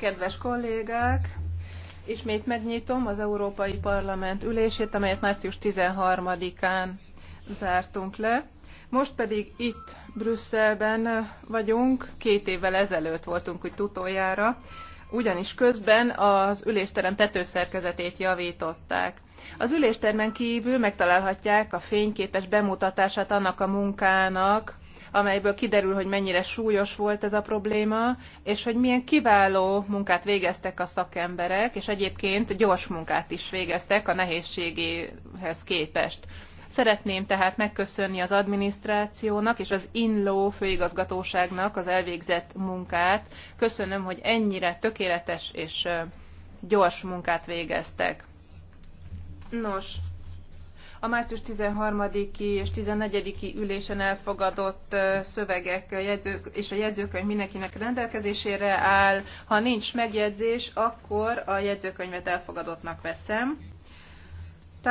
Kedves kollégák, ismét megnyitom az Európai Parlament ülését, amelyet március 13-án zártunk le. Most pedig itt Brüsszelben vagyunk, két évvel ezelőtt voltunk itt utoljára, ugyanis közben az ülésterem tetőszerkezetét javították. Az üléstermen kívül megtalálhatják a fényképes bemutatását annak a munkának, amelyből kiderül, hogy mennyire súlyos volt ez a probléma, és hogy milyen kiváló munkát végeztek a szakemberek, és egyébként gyors munkát is végeztek a nehézségéhez képest. Szeretném tehát megköszönni az adminisztrációnak és az INLO főigazgatóságnak az elvégzett munkát. Köszönöm, hogy ennyire tökéletes és gyors munkát végeztek. Nos, a március 13-i és 14-i ülésen elfogadott szövegek jegyzők, és a jegyzőkönyv mindenkinek rendelkezésére áll. Ha nincs megjegyzés, akkor a jegyzőkönyvet elfogadottnak veszem.